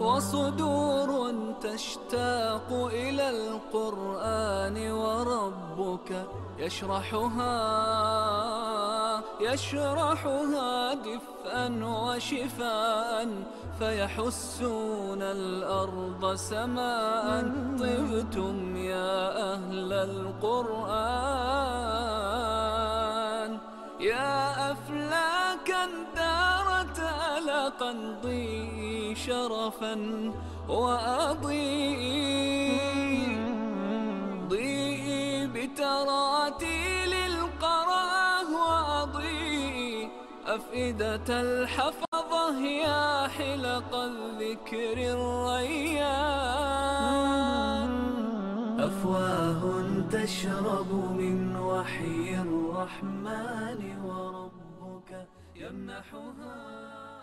وصدور تشتاق إلى القرآن وربك يشرحها يشرحها دفءا وشفاء فيحسون الأرض سماء طبتم يا أهل القرآن يا أفلام قلبي شرفا وأضيء ضيئي بتراتيل القراه وأضيء أفئدة الحفظة يا حلق الذكر الريان أفواه تشرب من وحي الرحمن وربك يمنحها